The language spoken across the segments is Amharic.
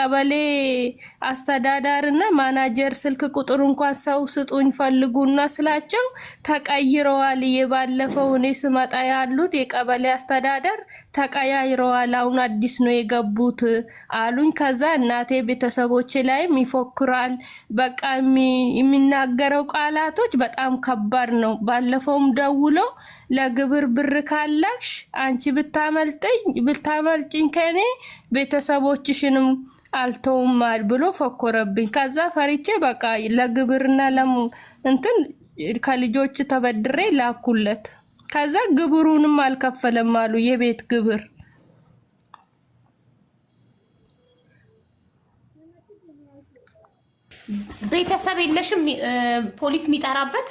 ቀበሌ አስተዳዳር እና ማናጀር ስልክ ቁጥር እንኳን ሰው ስጡኝ ፈልጉና ስላቸው ተቀይረዋል። የባለፈው እኔ ስመጣ ያሉት የቀበሌ አስተዳደር ተቀያይረዋል፣ አሁን አዲስ ነው የገቡት አሉኝ። ከዛ እናቴ ቤተሰቦች ላይም ይፎክራል። በቃ የሚናገረው ቃላቶች በጣም ከባድ ነው። ባለፈውም ደውሎ ለግብር ብር ካላክሽ አንቺ ብታመልጥኝ ብታመልጭኝ ከኔ ቤተሰቦችሽንም አልተውማል ብሎ ፈኮረብኝ። ከዛ ፈሪቼ በቃ ለግብርና እንትን ከልጆች ተበድሬ ላኩለት። ከዛ ግብሩንም አልከፈለም አሉ የቤት ግብር። ቤተሰብ የለሽም ፖሊስ የሚጠራበት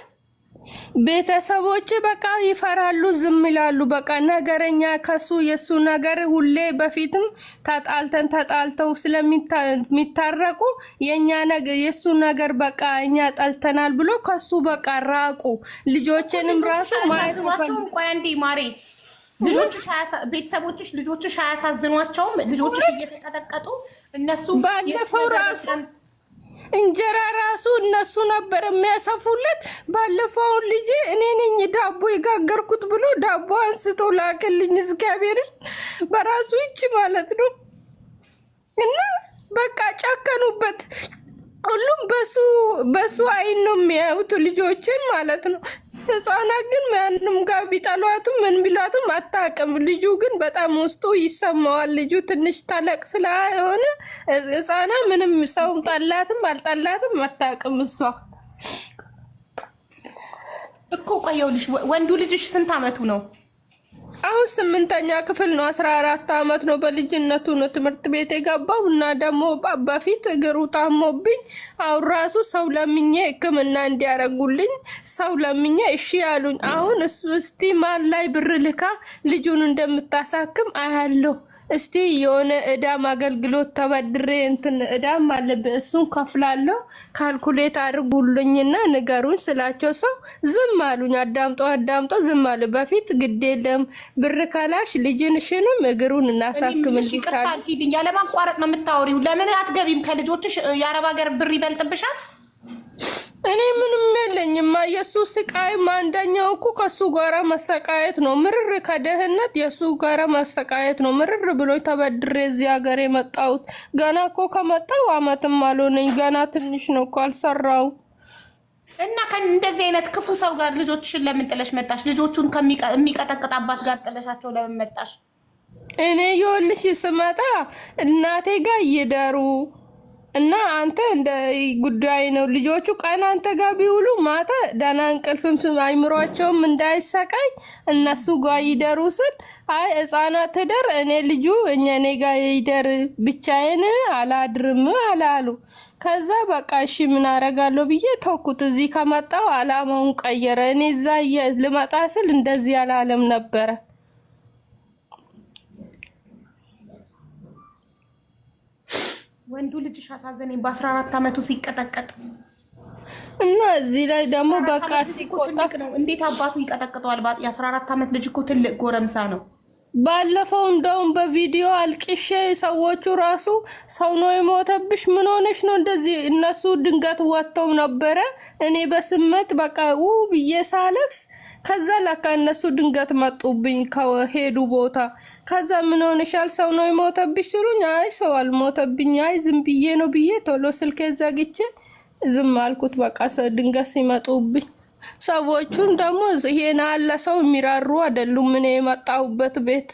ቤተሰቦች በቃ ይፈራሉ፣ ዝም ይላሉ። በቃ ነገረኛ ከሱ የእሱ ነገር ሁሌ በፊትም ተጣልተን ተጣልተው ስለሚታረቁ የእኛ ነገር የሱ ነገር በቃ እኛ ጠልተናል ብሎ ከሱ በቃ ራቁ። ልጆችንም ራሱ ማለት ቆይ አንዴ ማሬ ልጆች ቤተሰቦችሽ ልጆችሽ አያሳዝኗቸውም? ልጆችሽ እየተቀጠቀጡ እነሱ ባለፈው ራሱ እንጀራ ራሱ እነሱ ነበር የሚያሰፉለት። ባለፈውን ልጅ እኔ ነኝ ዳቦ የጋገርኩት ብሎ ዳቦ አንስቶ ላክልኝ እግዚአብሔርን በራሱ እጅ ማለት ነው። እና በቃ ጨከኑበት። ሁሉም በሱ በሱ አይን ነው የሚያዩት ልጆችን ማለት ነው። ህፃናት ግን ማንም ጋር ቢጠሏትም ምን ቢሏትም አታውቅም። ልጁ ግን በጣም ውስጡ ይሰማዋል። ልጁ ትንሽ ታለቅ ስለሆነ ህፃና ምንም ሰውም ጠላትም አልጠላትም አታውቅም። እሷ እኮ ቆየው ልጅ ወንዱ ልጅሽ ስንት አመቱ ነው? አሁን ስምንተኛ ክፍል ነው። አስራ አራት አመት ነው። በልጅነቱ ነው ትምህርት ቤት የገባው እና ደግሞ በፊት እግሩ ታሞብኝ አሁን ራሱ ሰው ለምኜ ሕክምና እንዲያደርጉልኝ ሰው ለምኜ እሺ ያሉኝ። አሁን እሱ እስቲ ማን ላይ ብር ልካ ልጁን እንደምታሳክም አያለሁ። እስቲ የሆነ እዳም አገልግሎት ተበድሬ እንትን እዳም አለብኝ እሱን ከፍላለሁ ካልኩሌት አድርጉልኝና ንገሩኝ ስላቸው ሰው ዝም አሉኝ። አዳምጦ አዳምጦ ዝም አሉ። በፊት ግዴለም ብር ካላሽ ልጅንሽንም እግሩን እናሳክምልሻል። ለማቋረጥ ነው የምታወሪው። ለምን አትገቢም? ከልጆችሽ የአረብ ሀገር ብር ይበልጥብሻል። እኔ ምንም የለኝማ የእሱ ስቃይ አንደኛው እኮ ከሱ ጋራ መሰቃየት ነው። ምርር ከደህነት የእሱ ጋራ መሰቃየት ነው። ምርር ብሎ ተበድሬ እዚህ ሀገር የመጣሁት ገና እኮ ከመጣው አመትም አልሆነኝ። ገና ትንሽ ነው እኮ አልሰራው እና እንደዚህ አይነት ክፉ ሰው ጋር ልጆችን ለምን ጥለሽ መጣሽ? ልጆቹን ከሚቀጠቅጥ አባት ጋር ጥለሻቸው ለምን መጣሽ? እኔ የወልሽ ስመጣ እናቴ ጋር ይደሩ እና አንተ እንደ ጉዳይ ነው ልጆቹ ቀን አንተ ጋር ቢውሉ ማታ ደህና እንቅልፍም አይምሯቸውም እንዳይሰቃይ እነሱ ጋር ይደሩ ስል አይ ህጻናት ትደር እኔ ልጁ እኛ እኔ ጋር ይደር ብቻዬን አላድርም አላሉ። ከዛ በቃ እሺ ምን አረጋለሁ ብዬ ተኩት። እዚህ ከመጣው አላማውን ቀየረ። እኔ እዛ ልመጣ ስል እንደዚህ አላለም ነበረ። ወንዱ ልጅሽ አሳዘነኝ። በአስራ አራት አመቱ ሲቀጠቀጥ እና እዚህ ላይ ደግሞ በቃ ሲቆጣ እንዴት አባቱ ይቀጠቅጠዋል? የአስራ አራት አመት ልጅ እኮ ትልቅ ጎረምሳ ነው። ባለፈው እንደውም በቪዲዮ አልቅሼ ሰዎቹ ራሱ ሰው ነው የሞተብሽ፣ ምን ሆነሽ ነው እንደዚህ? እነሱ ድንገት ወጥተው ነበረ። እኔ በስመት በቃ ው ብዬ ሳለቅስ፣ ከዛ ለካ እነሱ ድንገት መጡብኝ ከሄዱ ቦታ ከዛ ምን ሆነሻል? ሰው ነው የሞተብሽ ስሩኝ። አይ ሰው አልሞተብኝ፣ አይ ዝም ብዬ ነው ብዬ ቶሎ ስልክ ዘግቼ ዝም አልኩት። በቃ ድንገት ሲመጡብኝ ሰዎቹን ደግሞ ይሄን ለሰው የሚራሩ አይደሉም። ምን የመጣሁበት ቤት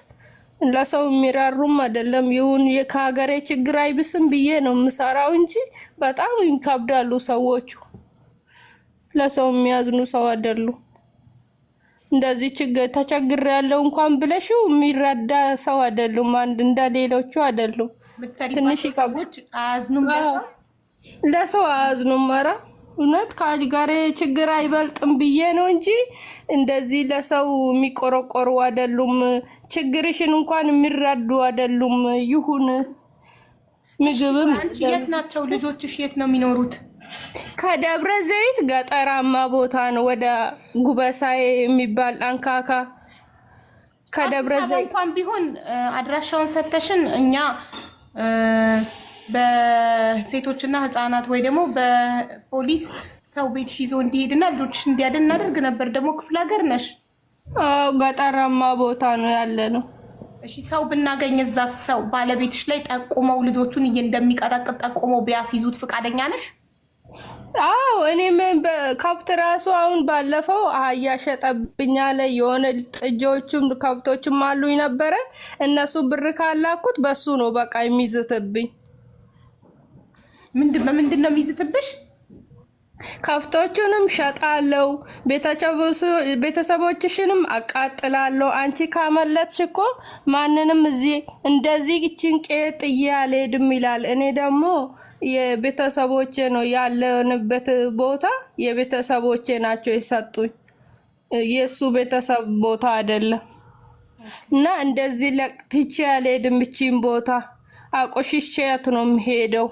ለሰው የሚራሩም አይደለም። ይሁን ከሀገሬ ችግር አይብስም ብዬ ነው የምሰራው እንጂ በጣም ይከብዳሉ ሰዎቹ። ለሰው የሚያዝኑ ሰው አይደሉም። እንደዚህ ችግር ተቸግር ያለው እንኳን ብለሽው የሚረዳ ሰው አይደሉም። አንድ እንደሌሎቹ አይደሉም። ትንሽ ሰዎች ለሰው አያዝኑም። ኧረ እውነት ጋር ችግር አይበልጥም ብዬ ነው እንጂ እንደዚህ ለሰው የሚቆረቆሩ አይደሉም። ችግርሽን እንኳን የሚረዱ አይደሉም። ይሁን ምግብም የት ናቸው? ልጆችሽ የት ነው የሚኖሩት? ከደብረ ዘይት ገጠራማ ቦታ ነው ወደ ጉበሳዬ የሚባል አንካካ ከደብረ ዘይት እንኳን ቢሆን አድራሻውን ሰተሽን እኛ በሴቶችና ህፃናት ወይ ደግሞ በፖሊስ ሰው ቤትሽ ይዞ እንዲሄድና ልጆችሽ እንዲያድን እናደርግ ነበር። ደግሞ ክፍለ ሀገር ነሽ፣ ገጠራማ ቦታ ነው ያለ ነው። እሺ ሰው ብናገኝ እዛ ሰው ባለቤትሽ ላይ ጠቁመው ልጆቹን እንደሚቀጠቅጥ ጠቁመው ቢያስይዙት ፈቃደኛ ነሽ? አዎ እኔም ከብት ራሱ አሁን ባለፈው አህያ ሸጠብኛ ላይ የሆነ ጥጃዎችም ከብቶችም አሉኝ ነበረ። እነሱ ብር ካላኩት በሱ ነው በቃ የሚዝትብኝ። በምንድን ነው የሚዝትብሽ? ከብቶቹንም ሸጣለው፣ ቤተሰቦችሽንም አቃጥላለሁ። አንቺ ካመለጥሽ እኮ ማንንም እዚህ እንደዚህ ቂችን ቄጥዬ ጥዬ አልሄድም ይላል። እኔ ደግሞ የቤተሰቦቼ ነው ያለንበት ቦታ የቤተሰቦቼ ናቸው የሰጡኝ። የእሱ ቤተሰብ ቦታ አይደለም። እና እንደዚህ ለቅትቼ ያለ ብቻዬን ቦታ አቆሽቼያት ነው የምሄደው።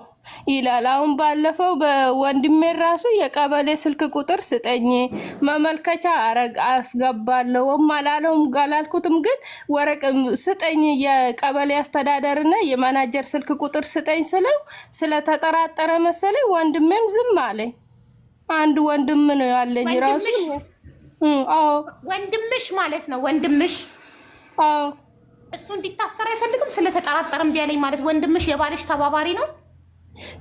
ይላል። አሁን ባለፈው በወንድሜ ራሱ የቀበሌ ስልክ ቁጥር ስጠኝ መመልከቻ አረግ አስገባለሁም አላለውም ጋላልኩትም ግን ወረቅ ስጠኝ የቀበሌ አስተዳደርና የማናጀር ስልክ ቁጥር ስጠኝ ስለው ስለተጠራጠረ መሰለኝ ወንድሜም ዝም አለኝ። አንድ ወንድም ነው ያለኝ ራሱ ወንድምሽ ማለት ነው። ወንድምሽ እሱ እንዲታሰር አይፈልግም ስለተጠራጠረ ቢያለኝ ማለት ወንድምሽ የባልሽ ተባባሪ ነው።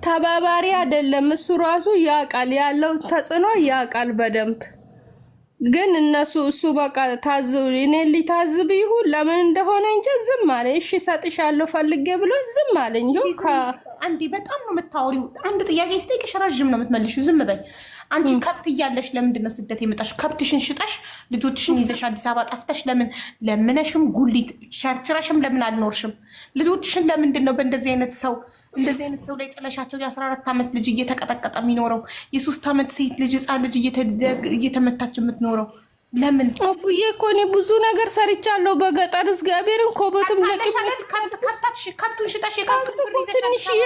ተባባሪ አይደለም። እሱ ራሱ ያውቃል፣ ያለው ተጽዕኖ ያውቃል በደንብ ግን እነሱ እሱ በቃ ታዝ እኔ ሊታዝብ ይሁን ለምን እንደሆነ እንጂ ዝም አለ። እሺ እሰጥሻለሁ ፈልጌ ብሎ ዝም አለኝ። አንዴ በጣም ነው የምታወሪው። አንድ ጥያቄ ስጠይቅሽ ረዥም ነው የምትመልሽው። ዝም በይ። አንቺ ከብት እያለሽ ለምንድን ነው ስደት የመጣሽ? ከብትሽን ሽጠሽ ልጆችሽን ይዘሽ አዲስ አበባ ጠፍተሽ ለምን ለምነሽም ጉሊት ሸርችረሽም ለምን አልኖርሽም? ልጆችሽን ለምንድን ነው በእንደዚህ አይነት ሰው እንደዚህ አይነት ሰው ላይ ጥለሻቸው? የአስራ አራት ዓመት ልጅ እየተቀጠቀጠ የሚኖረው የሶስት ዓመት ሴት ልጅ ህፃን ልጅ እየተመታች የምትኖረው ለምን አቡዬ እኮ እኔ ብዙ ነገር ሰርቻለሁ በገጠር እግዚአብሔርን ኮበትም ለቅትንሽዬ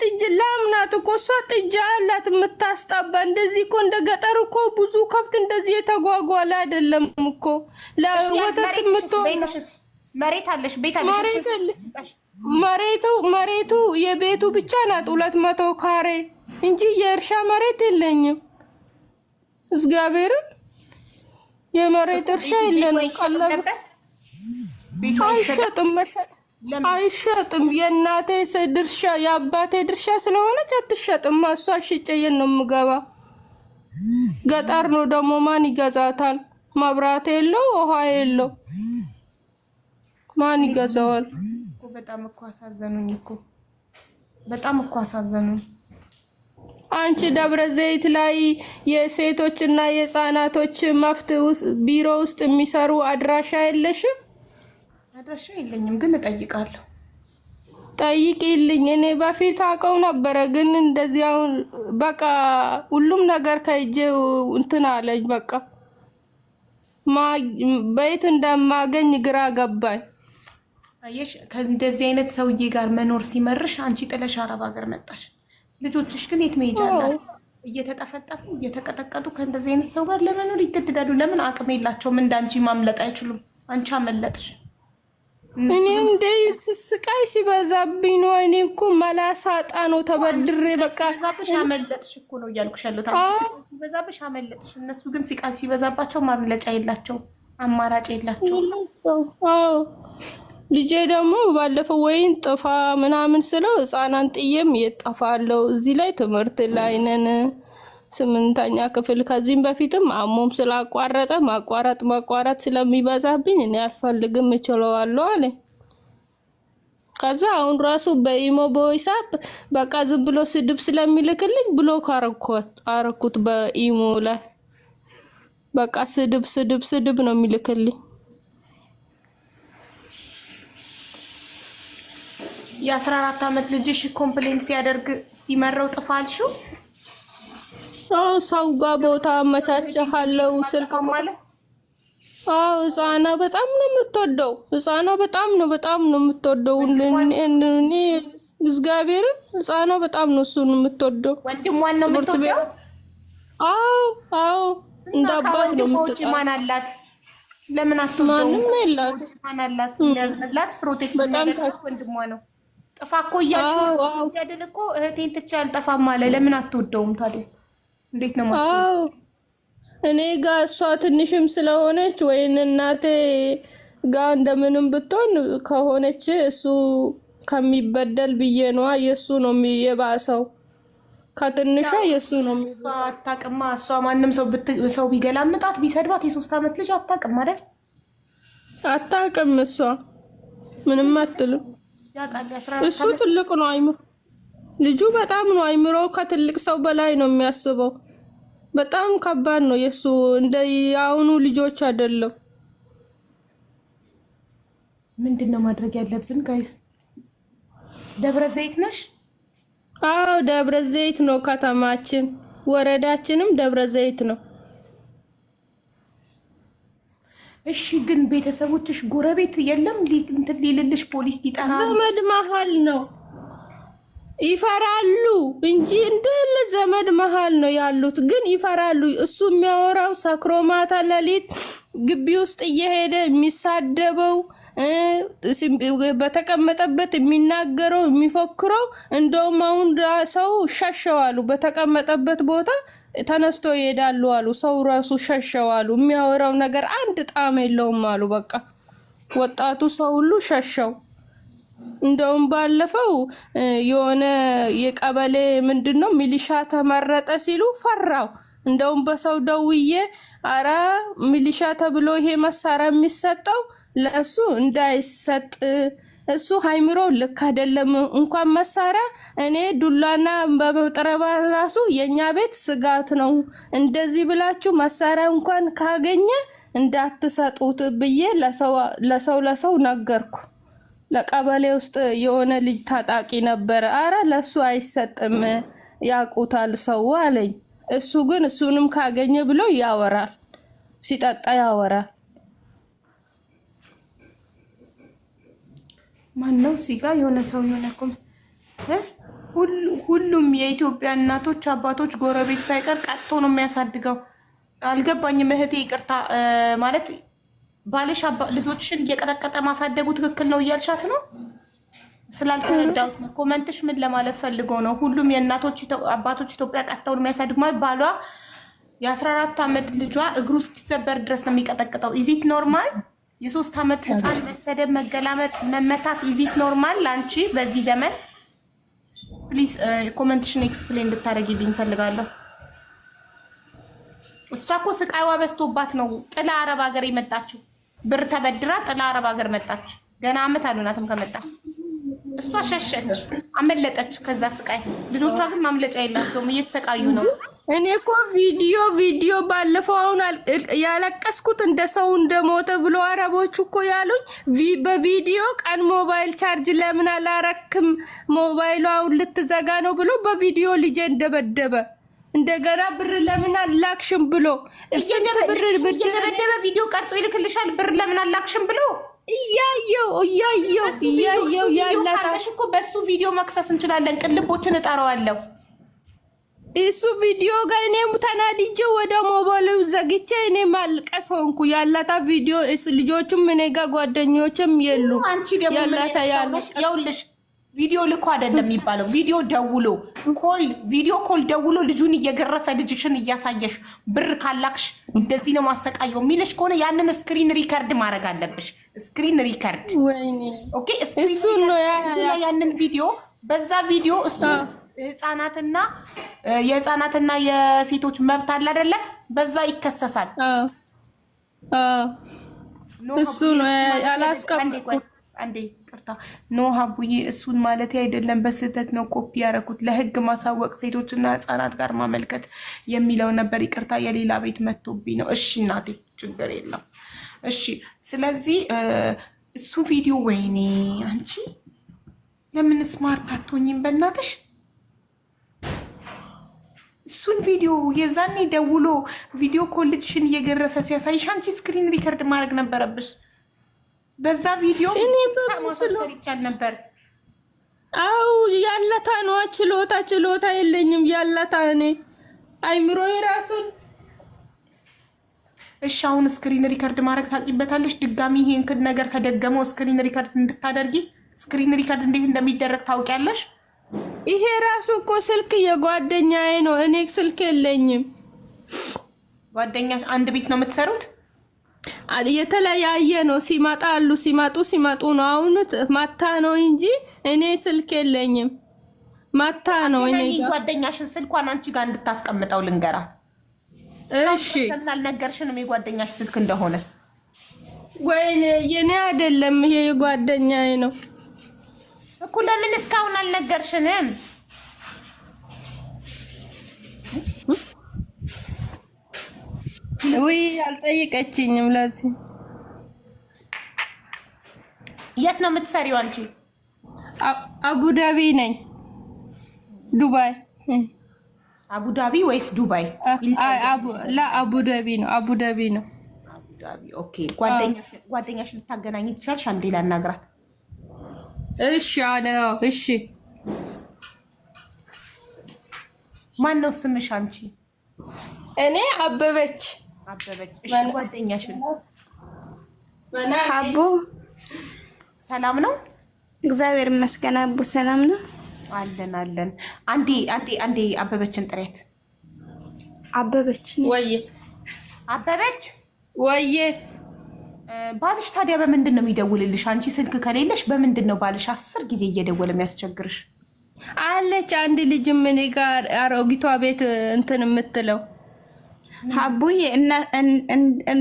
ጥጅ ላምናት እኮ እሷ ጥጃ አላት የምታስጣባ። እንደዚህ እኮ እንደ ገጠር እኮ ብዙ ከብት እንደዚህ የተጓጓለ አይደለም እኮ ለወተት ምቶ መሬቱ መሬቱ የቤቱ ብቻ ናት ሁለት መቶ ካሬ እንጂ የእርሻ መሬት የለኝም። እግዚአብሔርን የመሬት እርሻ የለንም። ቀለብ አይሸጥም፣ መሸጥ አይሸጥም። የእናቴ ድርሻ የአባቴ ድርሻ ስለሆነች አትሸጥም። እሷ ሽጨየን ነው የምገባ። ገጠር ነው ደግሞ ማን ይገዛታል? መብራት የለው፣ ውሃ የለው፣ ማን ይገዛዋል? በጣም እኮ አሳዘኑኝ እኮ በጣም እኮ አሳዘኑኝ። አንቺ ደብረ ዘይት ላይ የሴቶችና የህፃናቶች መፍት ቢሮ ውስጥ የሚሰሩ አድራሻ የለሽም? አድራሻ የለኝም፣ ግን እጠይቃለሁ። ጠይቂልኝ። እኔ በፊት አውቀው ነበረ፣ ግን እንደዚህ አሁን በቃ ሁሉም ነገር ከእጄ እንትን አለኝ። በቃ በየት እንደማገኝ ግራ ገባኝ። አየሽ፣ ከእንደዚህ አይነት ሰውዬ ጋር መኖር ሲመርሽ አንቺ ጥለሽ አረብ ሀገር መጣሽ። ልጆችሽ ግን የት መሄጃለ? እየተጠፈጠፉ እየተቀጠቀጡ ከእንደዚህ አይነት ሰው ጋር ለመኖር ይገድዳሉ። ለምን አቅም የላቸውም? እንዳንቺ ማምለጥ አይችሉም። አንቺ አመለጥሽ። እኔ እንደ ስቃይ ሲበዛብኝ ነው። እኔ እኮ መላሳጣ ነው ተበድሬ በቃ ሲበዛብሽ አመለጥሽ እኮ ነው እያልኩሽ ያለሁት። ሲበዛብሽ አመለጥሽ። እነሱ ግን ሲቃይ ሲበዛባቸው ማምለጫ የላቸው፣ አማራጭ የላቸው። ልጄ ደግሞ ባለፈው ወይን ጥፋ ምናምን ስለው ህፃናን ጥዬም የጠፋለው እዚህ ላይ ትምህርት ላይ ነን፣ ስምንተኛ ክፍል ከዚህም በፊትም አሞም ስላቋረጠ ማቋረጥ ማቋረጥ ስለሚበዛብኝ እኔ አልፈልግም እችለዋለሁ አለ። ከዛ አሁን ራሱ በኢሞ በወይሳፕ በቃ ዝም ብሎ ስድብ ስለሚልክልኝ ብሎ አረኩት። በኢሞ ላይ በቃ ስድብ ስድብ ስድብ ነው የሚልክልኝ። የአስራ አራት ዓመት ልጅሽ ኮምፕሌንት ሲያደርግ ሲመረው ጥፋልሽው ሰው ጋር ቦታ አመቻቸሃለው ስልክ ማለት አዎ ህፃና በጣም ነው የምትወደው። ህፃና በጣም ነው በጣም ነው የምትወደው። እኔ እግዚአብሔርን ህፃኗ በጣም ነው እሱን የምትወደው። ወንድሟን ነው የምትወደው። አዎ አዎ፣ እንደ አባት ነው የምትወደው። ማን አላት? ለምን አትወደው? ማንም የላት። ማን አላት? ያዝንላት፣ ፕሮቴክት ወንድሟ ነው ጥፋ እኮ እያያድል እኮ እህቴን ትቼ አልጠፋም አለ። ለምን አትወደውም ታዲያ? እንዴት ነው እኔ ጋ እሷ ትንሽም ስለሆነች ወይን እናቴ ጋ እንደምንም ብትሆን ከሆነች እሱ ከሚበደል ብዬ ነዋ። የእሱ ነው የባሰው፣ ከትንሿ የእሱ ነው አታቅማ። እሷ ማንም ሰው ቢገላምጣት ቢሰድባት የሶስት ዓመት ልጅ አታቅም አይደል? አታቅም እሷ ምንም አትልም። እሱ ትልቅ ነው አይምሮ ልጁ በጣም ነው አይምሮ ከትልቅ ሰው በላይ ነው የሚያስበው። በጣም ከባድ ነው የእሱ እንደ የአሁኑ ልጆች አይደለም። ምንድን ነው ማድረግ ያለብን ጋይስ? ደብረ ዘይት ነሽ? አዎ ደብረ ዘይት ነው ከተማችን፣ ወረዳችንም ደብረ ዘይት ነው። እሺ ግን ቤተሰቦችሽ ጎረቤት የለም እንትን ሊልልሽ ፖሊስ ሊጠራ ዘመድ መሀል ነው ይፈራሉ እንጂ እንደለ ዘመድ መሀል ነው ያሉት ግን ይፈራሉ እሱ የሚያወራው ሰክሮ ማታ ለሊት ግቢ ውስጥ እየሄደ የሚሳደበው በተቀመጠበት የሚናገረው የሚፎክረው እንደውም አሁን ሰው ሻሸዋሉ በተቀመጠበት ቦታ ተነስቶ ይሄዳሉ አሉ። ሰው ራሱ ሸሸው አሉ። የሚያወራው ነገር አንድ ጣም የለውም አሉ። በቃ ወጣቱ ሰው ሁሉ ሸሸው። እንደውም ባለፈው የሆነ የቀበሌ ምንድን ነው ሚሊሻ ተመረጠ ሲሉ ፈራው። እንደውም በሰው ደውዬ አረ ሚሊሻ ተብሎ ይሄ መሳሪያ የሚሰጠው ለእሱ እንዳይሰጥ እሱ ሀይምሮ ልክ አይደለም። እንኳን መሳሪያ እኔ ዱላና በመጥረባ ራሱ የእኛ ቤት ስጋት ነው። እንደዚህ ብላችሁ መሳሪያ እንኳን ካገኘ እንዳትሰጡት ብዬ ለሰው ለሰው ነገርኩ። ለቀበሌ ውስጥ የሆነ ልጅ ታጣቂ ነበረ። አረ ለሱ አይሰጥም ያውቁታል ሰው አለኝ። እሱ ግን እሱንም ካገኘ ብሎ ያወራል፣ ሲጠጣ ያወራል። ማነው ጋር የሆነ ሰው የሆነ ሁሉም የኢትዮጵያ እናቶች፣ አባቶች፣ ጎረቤት ሳይቀር ቀጥቶ ነው የሚያሳድገው። አልገባኝም እህቴ ይቅርታ። ማለት ባልሽ ልጆችሽን እየቀጠቀጠ ማሳደጉ ትክክል ነው እያልሻት ነው? ስላልተረዳሁት ነው። ኮመንትሽ ምን ለማለት ፈልጎ ነው? ሁሉም የእናቶች አባቶች ኢትዮጵያ ቀጥተው ነው የሚያሳድጉ ማለት ባሏ የአስራ አራት ዓመት ልጇ እግሩ እስኪሰበር ድረስ ነው የሚቀጠቅጠው። ኢዚት ኖርማል የሶስት አመት ህፃን መሰደብ፣ መገላመጥ፣ መመታት ኢዚት ኖርማል አንቺ በዚህ ዘመን? ፕሊዝ ኮመንትሽን ኤክስፕሌን እንድታደርጊልኝ እፈልጋለሁ። እሷ እኮ ስቃይዋ በዝቶባት ነው ጥላ አረብ ሀገር የመጣችው። ብር ተበድራ ጥላ አረብ ሀገር መጣች። ገና አመት አልሆናትም ከመጣ። እሷ ሸሸች፣ አመለጠች ከዛ ስቃይ። ልጆቿ ግን ማምለጫ የላቸውም፣ እየተሰቃዩ ነው። እኔ እኮ ቪዲዮ ቪዲዮ ባለፈው አሁን ያለቀስኩት እንደ ሰው እንደሞተ ብሎ አረቦቹ እኮ ያሉኝ በቪዲዮ ቀን ሞባይል ቻርጅ ለምን አላረክም? ሞባይሉ አሁን ልትዘጋ ነው ብሎ በቪዲዮ ልጄ እንደበደበ እንደገና ብር ለምን አላክሽም ብሎ እየደበደበ ቪዲዮ ቀርጾ ይልክልሻል። ብር ለምን አላክሽም ብሎ እያየው እያየው እያየው ያላታሽ እኮ በሱ ቪዲዮ መክሰስ እንችላለን። ቅልቦችን እጠራዋለሁ እሱ ቪዲዮ ጋር እኔም ተናድጄ ወደ ሞባይል ዘግቼ እኔ ማልቀስ ሆንኩ። ያላታ ቪዲዮ ልጆቹም እኔ ጋር ጓደኞችም የሉ። ያላታ ያለሽ ቪዲዮ ልኮ አይደለም የሚባለው። ቪዲዮ ደውሎ ኮል ቪዲዮ ኮል ደውሎ ልጁን እየገረፈ ልጅሽን እያሳየሽ ብር ካላክሽ እንደዚህ ነው ማሰቃየው የሚልሽ ከሆነ ያንን ስክሪን ሪከርድ ማድረግ አለብሽ። ስክሪን ሪከርድ ያንን ቪዲዮ በዛ ቪዲዮ እሱ ህጻናትና የህጻናትና የሴቶች መብት አለ አይደለ? በዛ ይከሰሳል። እሱ ቅርታ እሱን ማለት አይደለም። በስህተት ነው ኮፒ ያደረኩት። ለህግ ማሳወቅ ሴቶችና ህጻናት ጋር ማመልከት የሚለው ነበር። ይቅርታ የሌላ ቤት መቶብኝ ነው። እሺ እናቴ፣ ችግር የለም። እሺ፣ ስለዚህ እሱ ቪዲዮ ወይኔ፣ አንቺ ለምን ስማርት አትሆኝም? በእናትሽ እሱን ቪዲዮ የዛኔ ደውሎ ቪዲዮ ኮልጅሽን እየገረፈ ሲያሳይሽ አንቺ ስክሪን ሪከርድ ማድረግ ነበረብሽ። በዛ ቪዲዮ ማሳሰር ይቻል ነበር። አው ያለታ ነዋ። ችሎታ ችሎታ የለኝም ያለታ እኔ አይምሮ የራሱን እሺ አሁን ስክሪን ሪከርድ ማድረግ ታውቂበታለሽ። ድጋሚ ይሄን ነገር ከደገመው ስክሪን ሪከርድ እንድታደርጊ ስክሪን ሪከርድ እንዴት እንደሚደረግ ታውቂያለሽ። ይሄ ራሱ እኮ ስልክ የጓደኛዬ ነው። እኔ ስልክ የለኝም። ጓደኛ አንድ ቤት ነው የምትሰሩት? የተለያየ ነው። ሲመጣ አሉ ሲመጡ ሲመጡ ነው። አሁን ማታ ነው እንጂ እኔ ስልክ የለኝም። ማታ ነው። እኔ ጓደኛሽን ስልኳን አንቺ ጋር እንድታስቀምጠው ልንገራ። እሺ አልነገርሽንም? የጓደኛሽ ስልክ እንደሆነ። ወይኔ የኔ አይደለም፣ ይሄ የጓደኛዬ ነው። እኮ ለምን እስካሁን አልነገርሽንም? ውይ አልጠይቀችኝም። ለዚህ የት ነው የምትሰሪው አንቺ? አቡዳቢ ነኝ። ዱባይ አቡዳቢ ወይስ ዱባይ? አቡዳቢ ነው። አቡዳቢ ነው። ጓደኛሽ ልታገናኝ ትችላለሽ። አንዴ ላናግራት እሺ አለ። እሺ ማን ነው ስምሽ አንቺ? እኔ አበበች አበበች። እሺ ጓደኛሽ አቡ ሰላም ነው? እግዚአብሔር ይመስገን። አቡ ሰላም ነው? አለን አለን። አንዴ አንዴ አንዴ አበበችን ጥሬት አበበች ወየ አበበች ወየ ባልሽ ታዲያ በምንድን ነው የሚደውልልሽ? አንቺ ስልክ ከሌለሽ በምንድን ነው ባልሽ አስር ጊዜ እየደወለ የሚያስቸግርሽ? አለች አንድ ልጅም እኔ ጋር አሮጊቷ ቤት እንትን የምትለው ሀቡዬ፣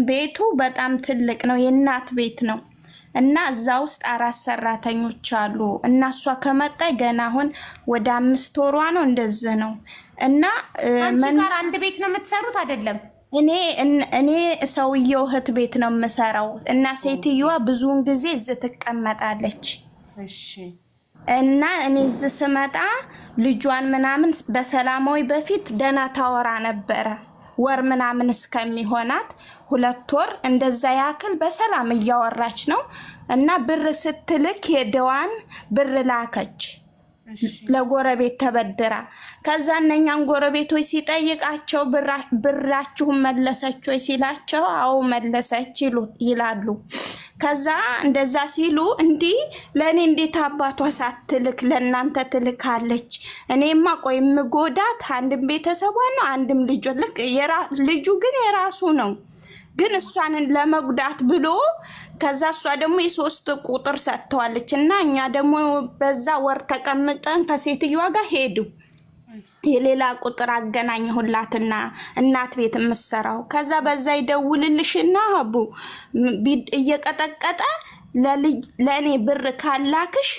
ቤቱ በጣም ትልቅ ነው፣ የእናት ቤት ነው እና እዛ ውስጥ አራት ሰራተኞች አሉ እና እሷ ከመጣይ ገና አሁን ወደ አምስት ወሯ ነው እንደዚህ ነው እና አንቺ ጋር አንድ ቤት ነው የምትሰሩት አይደለም እኔ እኔ ሰውየው እህት ቤት ነው የምሰራው እና ሴትዮዋ ብዙውን ጊዜ እዝ ትቀመጣለች እና እኔ እዚህ ስመጣ ልጇን ምናምን በሰላማዊ በፊት ደህና ታወራ ነበረ ወር ምናምን እስከሚሆናት ሁለት ወር እንደዛ ያክል በሰላም እያወራች ነው። እና ብር ስትልክ ሄደዋን ብር ላከች ለጎረቤት ተበድራ ከዛ እነኛን ጎረቤቶች ሲጠይቃቸው ብራችሁን መለሰች ወይ ሲላቸው አዎ መለሰች ይላሉ። ከዛ እንደዛ ሲሉ እንዲህ ለእኔ እንዴት አባቷ ሳትልክ ለእናንተ ትልካለች? እኔማ ቆይ የምጎዳት አንድም ቤተሰቧ ነው አንድም ልጁ ልክ ልጁ ግን የራሱ ነው ግን እሷንን ለመጉዳት ብሎ ከዛ እሷ ደግሞ የሶስት ቁጥር ሰጥተዋለች እና እኛ ደግሞ በዛ ወር ተቀምጠን ከሴትዮዋ ጋር ሄዱ። የሌላ ቁጥር አገናኘሁላትና እናት ቤት የምሰራው ከዛ በዛ ይደውልልሽና ሀቡ እየቀጠቀጠ ለእኔ ብር ካላክሽ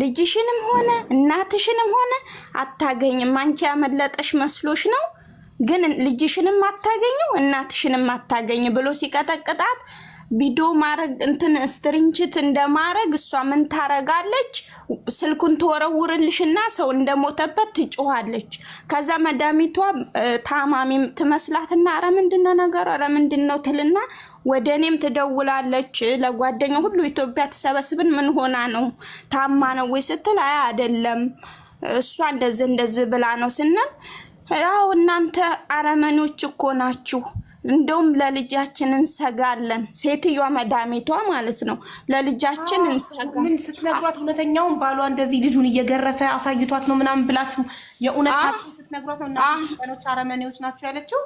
ልጅሽንም ሆነ እናትሽንም ሆነ አታገኝም። አንቺ ያመለጠሽ መስሎሽ ነው ግን ልጅሽንም አታገኙ እናትሽንም አታገኝ ብሎ ሲቀጠቅጣት ቪዲዮ ማድረግ እንትን ስትሪንችት እንደማረግ እሷ ምን ታረጋለች? ስልኩን ትወረውርልሽና ሰው እንደሞተበት ትጮኋለች። ከዛ መዳሚቷ ታማሚ ትመስላትና ኧረ ምንድነው ነገሩ? ኧረ ትልና ወደ እኔም ትደውላለች። ለጓደኛ ሁሉ ኢትዮጵያ ተሰበስብን ምን ሆና ነው ታማ ነው ወይ ስትል አይ አይደለም እሷ እንደዚህ እንደዚህ ብላ ነው ስንል ያው እናንተ አረመኖች እኮ ናችሁ። እንደውም ለልጃችን እንሰጋለን። ሴትዮዋ መዳሜቷ ማለት ነው። ለልጃችን እንሰጋለን። ምን ስትነግሯት እውነተኛውን ባሏ እንደዚህ ልጁን እየገረፈ አሳይቷት ነው ምናምን ብላችሁ የእውነት ስትነግሯት ነው። እና አረመኔዎች ናቸው ያለችው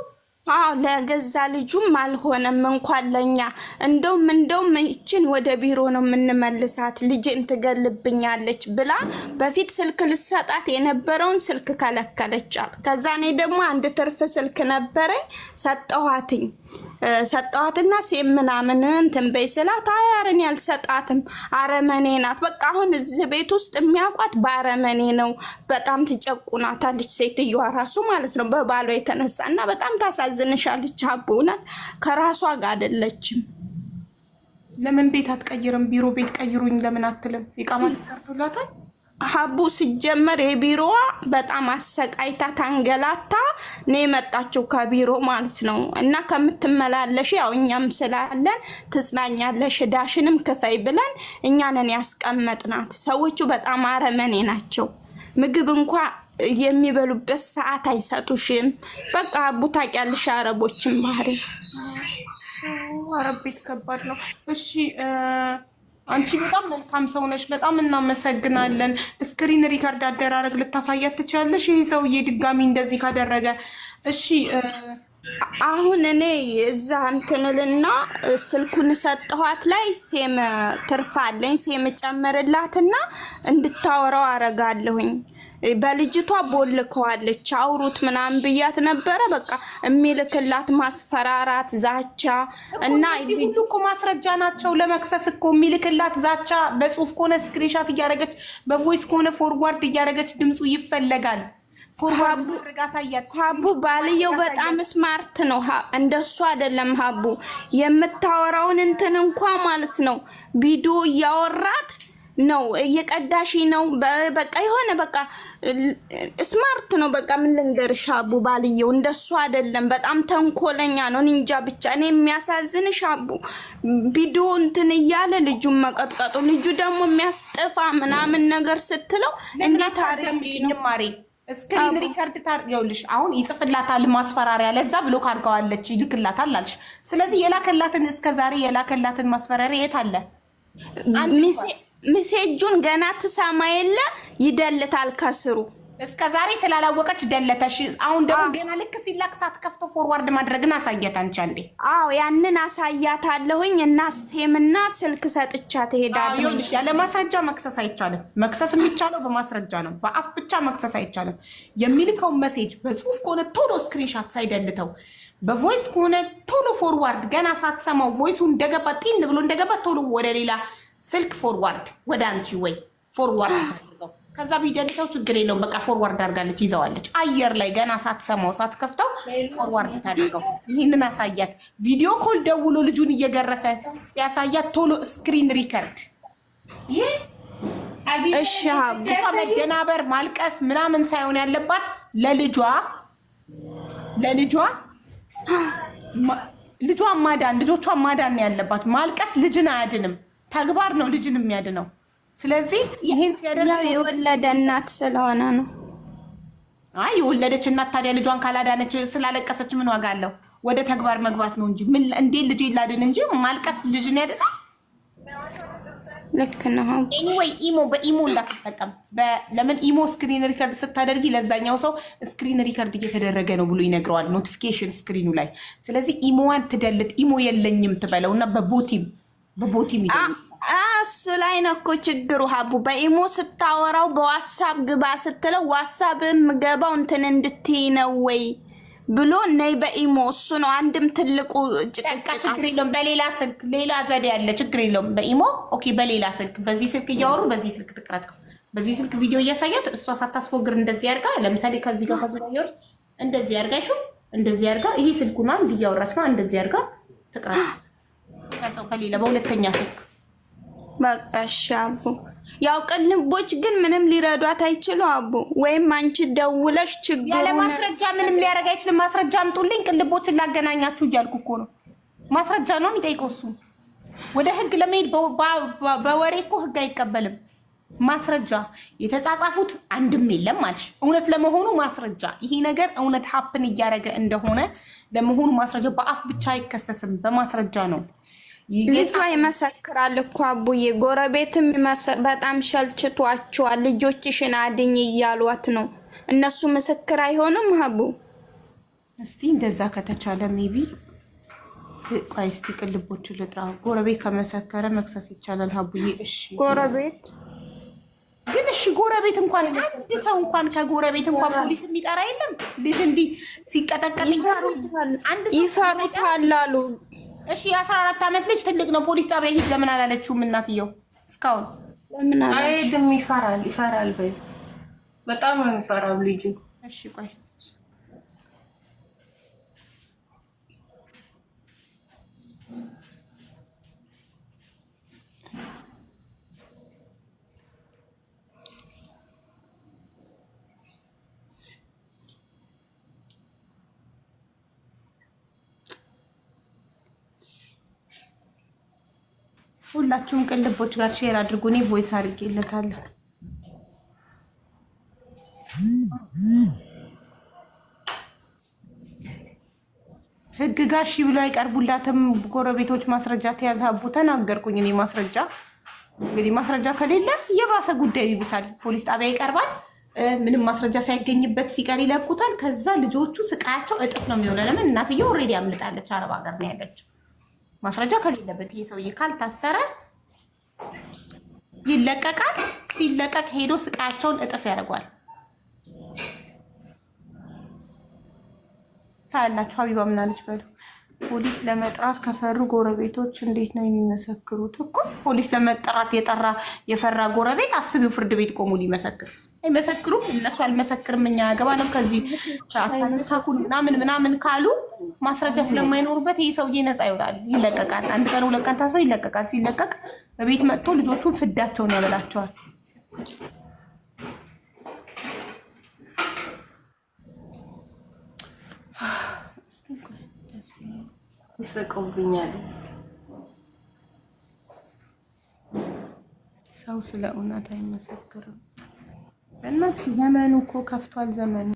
አዎ ለገዛ ልጁም አልሆነም እንኳን ለኛ። እንደውም እንደውም ይችን ወደ ቢሮ ነው የምንመልሳት ልጅን ትገልብኛለች ብላ በፊት ስልክ ልሰጣት የነበረውን ስልክ ከለከለቻት። ከዛ እኔ ደግሞ አንድ ትርፍ ስልክ ነበረኝ ሰጠኋትኝ ሰጠኋትና ሴም ምናምን እንትን በይ ስላት አይ ኧረ እኔ አልሰጣትም አረመኔ ናት። በቃ አሁን እዚህ ቤት ውስጥ የሚያውቋት በአረመኔ ነው። በጣም ትጨቁናታለች ሴትዮዋ ራሱ ማለት ነው በባሏ የተነሳ እና በጣም ታሳ ታሳዝንሻለች። ሀቦ እውነት ከራሷ ጋር አይደለችም። ለምን ቤት አትቀይርም? ቢሮ ቤት ቀይሩኝ ለምን አትልም? ሀቡ ሲጀመር የቢሮዋ በጣም አሰቃይታ ታንገላታ ነው የመጣችው ከቢሮ ማለት ነው። እና ከምትመላለሽ ያው እኛም ስላለን ትጽናኛለሽ፣ ዳሽንም ክፈይ ብለን እኛንን ያስቀመጥናት። ሰዎቹ በጣም አረመኔ ናቸው። ምግብ እንኳ የሚበሉበት ሰዓት አይሰጡሽም። በቃ አቡ ታውቂያለሽ፣ አረቦችን ባህሪ አረብ ቤት ከባድ ነው። እሺ አንቺ በጣም መልካም ሰው ነች በጣም እናመሰግናለን። ስክሪን ሪካርድ አደራረግ ልታሳያት ትችላለሽ? ይህ ሰውዬ ድጋሚ እንደዚህ ካደረገ እሺ አሁን እኔ እዛ እንትንልና ስልኩን ሰጠኋት ላይ ሴም ትርፋለኝ ሴም ጨምርላትና እንድታወራው አረጋለሁኝ። በልጅቷ ቦልከዋለች አውሩት ምናምን ብያት ነበረ። በቃ የሚልክላት ማስፈራራት፣ ዛቻ እና ሁሉ እኮ ማስረጃ ናቸው ለመክሰስ እኮ የሚልክላት ዛቻ። በጽሁፍ ከሆነ ስክሪንሻት እያደረገች፣ በቮይስ ከሆነ ፎርዋርድ እያደረገች ድምፁ ይፈለጋል። ሀቡ ባልየው በጣም ስማርት ነው። እንደሱ አይደለም ሀቡ የምታወራውን እንትን እንኳ ማለት ነው ቪዲዮ እያወራት ነው እየቀዳሽ ነው። በቃ የሆነ በቃ ስማርት ነው። በቃ ምን ልንገርሽ አቡ ባልየው እንደሱ አይደለም። በጣም ተንኮለኛ ነው። እንጃ ብቻ እኔ የሚያሳዝንሽ አቡ ቪዲዮ እንትን እያለ ልጁን መቀጥቀጡ ልጁ ደግሞ የሚያስጠፋ ምናምን ነገር ስትለው እንዴት አድርጊ ነው እስክሪን ሪከርድ ታርገውልሽ። አሁን ይጽፍላታል ማስፈራሪያ፣ ለዛ ብሎክ አድርገዋለች ይልክላታል አልሽ። ስለዚህ የላከላትን እስከ ዛሬ የላከላትን ማስፈራሪያ የት አለ? ሚሴጁን ገና ትሰማ የለ ይደልታል ከስሩ እስከ ዛሬ ስላላወቀች ደለተሽ። አሁን ደግሞ ገና ልክ ሲላክ ሳትከፍቶ ፎርዋርድ ማድረግን አሳያት። አንቺ አንዴ አዎ፣ ያንን አሳያታለሁኝ እና ስቴምና ስልክ ሰጥቻ ትሄዳለሁ። ያለ ማስረጃ መክሰስ አይቻልም። መክሰስ የሚቻለው በማስረጃ ነው። በአፍ ብቻ መክሰስ አይቻልም። የሚልከው መሴጅ በጽሁፍ ከሆነ ቶሎ ስክሪንሻት ሳይደልተው፣ በቮይስ ከሆነ ቶሎ ፎርዋርድ። ገና ሳትሰማው ቮይሱ እንደገባ ጢን ብሎ እንደገባ ቶሎ ወደ ሌላ ስልክ ፎርዋርድ፣ ወደ አንቺ ወይ ፎርዋርድ ከዛ ቢደልተው ችግር የለውም። በቃ ፎርዋርድ አድርጋለች ይዘዋለች። አየር ላይ ገና ሳትሰማው ሳትከፍተው ፎርዋርድ ታደርገው። ይህንን አሳያት። ቪዲዮ ኮል ደውሎ ልጁን እየገረፈ ሲያሳያት ቶሎ ስክሪን ሪከርድ። እሺ መደናበር፣ ማልቀስ ምናምን ሳይሆን ያለባት ለልጇ ለልጇ ልጇ ማዳን ልጆቿ ማዳን ያለባት ማልቀስ ልጅን አያድንም። ተግባር ነው ልጅን የሚያድነው። ስለዚህ ይህን ያደረገው የወለደ እናት ስለሆነ ነው። አይ የወለደች እናት ታዲያ ልጇን ካላዳነች ስላለቀሰች ምን ዋጋ አለው? ወደ ተግባር መግባት ነው እንጂ እንዴ ልጅ ላድን እንጂ ማልቀስ ልጅን ያድናል? ልክ ነው። ኤኒዌይ ኢሞ በኢሞ እንዳትጠቀም። ለምን ኢሞ ስክሪን ሪከርድ ስታደርጊ ለዛኛው ሰው ስክሪን ሪከርድ እየተደረገ ነው ብሎ ይነግረዋል፣ ኖቲፊኬሽን ስክሪኑ ላይ። ስለዚህ ኢሞዋን ትደልት። ኢሞ የለኝም ትበለው እና በቦቲም በቦቲም ይደልት እሱ ላይ ነው እኮ ችግሩ ሀቡ በኢሞ ስታወራው በዋትሳፕ ግባ ስትለው ዋትሳፕ የምገባው እንትን እንድትይ ነው ወይ ብሎ ነይ በኢሞ እሱ ነው አንድም ትልቁ ችግር የለውም በሌላ ስልክ ሌላ ዘዴ ያለ ችግር የለውም በኢሞ ኦኬ በሌላ ስልክ በዚህ ስልክ እያወሩ በዚህ ስልክ ትቅረጽ በዚህ ስልክ ቪዲዮ እያሳያት እሷ ሳታስፎግር እንደዚህ ያርጋ ለምሳሌ ከዚህ ጋር ከዙ ያወርድ እንደዚህ ያርጋ ይሹ እንደዚህ ያርጋ ይሄ ስልኩ ማም እንዲያወራች ማ እንደዚህ ያርጋ ትቅረጽ በሌላ በሁለተኛ ስልክ በቃ እሺ አቡ። ያው ቅንቦች ግን ምንም ሊረዷት አይችሉ አቡ። ወይም አንቺ ደውለሽ ችግሩን ያለ ማስረጃ ምንም ሊያደርግ አይችልም። ማስረጃ አምጡልኝ፣ ቅንቦችን ላገናኛችሁ እያልኩ እኮ ነው። ማስረጃ ነው የሚጠይቀው እሱ። ወደ ህግ ለመሄድ በወሬ እኮ ህግ አይቀበልም። ማስረጃ የተጻጻፉት አንድም የለም አለሽ። እውነት ለመሆኑ ማስረጃ ይሄ ነገር እውነት ሀፕን እያደረገ እንደሆነ ለመሆኑ ማስረጃ በአፍ ብቻ አይከሰስም፣ በማስረጃ ነው ልጇ ይመሰክራል እኮ አቡዬ፣ ጎረቤትም በጣም ሸልችቷቸዋል። ልጆችሽን አድኝ እያሏት ነው። እነሱ ምስክር አይሆኑም። ሀቡ እስቲ እንደዛ ከተቻለ ሜቢ ቆይ እስቲ ቅልቦቹ ልጥራ። ጎረቤት ከመሰከረ መክሰስ ይቻላል ሀቡዬ። እሺ ጎረቤት ግን እሺ ጎረቤት እንኳን አንድ ሰው እንኳን ከጎረቤት እንኳን ፖሊስ የሚጠራ የለም። ልጅ እንዲህ ሲቀጠቀጥ ይፈሩታል አሉ እሺ የአስራ አራት ዓመት ልጅ ትልቅ ነው። ፖሊስ ጣቢያ ሂድ ለምን አላለችውም እናትየው? እስካሁን ለምን አላለችም? ይፈራል ይፈራል። በይ በጣም ነው የሚፈራው ልጁ። እሺ ቆይ ሁላችሁም ቅልቦች ጋር ሼር አድርጉ። እኔ ቮይስ አድርጌለታለሁ። ህግ ጋር ሺ ብሎ አይቀርቡላትም። ጎረቤቶች ማስረጃ ተያዘ ሀቡ ተናገርኩኝ። እኔ ማስረጃ እንግዲህ ማስረጃ ከሌለ የባሰ ጉዳዩ ይብሳል። ፖሊስ ጣቢያ ይቀርባል። ምንም ማስረጃ ሳይገኝበት ሲቀር ይለቁታል። ከዛ ልጆቹ ስቃያቸው እጥፍ ነው የሚሆነው። ለምን እናትየው ኦልሬዲ አምልጣለች፣ አረብ ሀገር ነው ያለችው። ማስረጃ ከሌለበት ይሄ ሰውዬ ካልታሰረ ይለቀቃል። ሲለቀቅ ሄዶ ስቃያቸውን እጥፍ ያደርጓል። ታያላችሁ። ሀቢባ ምናለች በሉ። ፖሊስ ለመጥራት ከፈሩ ጎረቤቶች እንዴት ነው የሚመሰክሩት? እኮ ፖሊስ ለመጠራት የጠራ የፈራ ጎረቤት አስቢው፣ ፍርድ ቤት ቆሙ ሊመሰክር አይመሰክሩም እነሱ አልመሰክርም እኛ ያገባ ነው ከዚህ አታነሳኩን ምናምን ምናምን ካሉ ማስረጃ ስለማይኖሩበት ይህ ሰውዬ ነፃ ይወጣል፣ ይለቀቃል። አንድ ቀን ሁለት ቀን ታስሮ ይለቀቃል። ሲለቀቅ በቤት መጥቶ ልጆቹን ፍዳቸውን ያበላቸዋል። ይሰቀውብኛል። ሰው ስለ እውነት አይመሰክርም። በእናትሽ ዘመኑ እኮ ከፍቷል። ዘመኑ